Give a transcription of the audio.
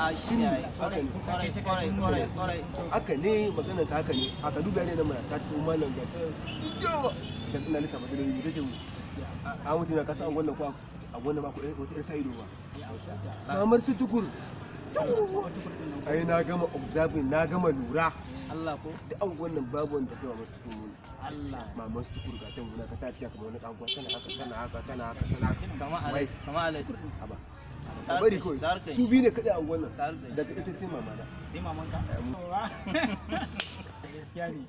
a shi ne haka ne maganar ka haka ne a ka duba ne da mai ta ci malam ga yawa da ina lissa ba da da ce a mutum na kasa wannan ko a wannan ba ko wata yar ba kamar su tukur ai na gama observing na gama lura Allah ko duk an wannan babu wanda kai masu tukuru ne Allah maman su tukuru ga ta muna ka tafiya kamar wani kankuwa tana haka tana haka tana haka tana haka kamar alai kamar alai ka bari kawai su biyu ne kaɗai a wannan daga ita sai mamana sai mamanka gaskiya ne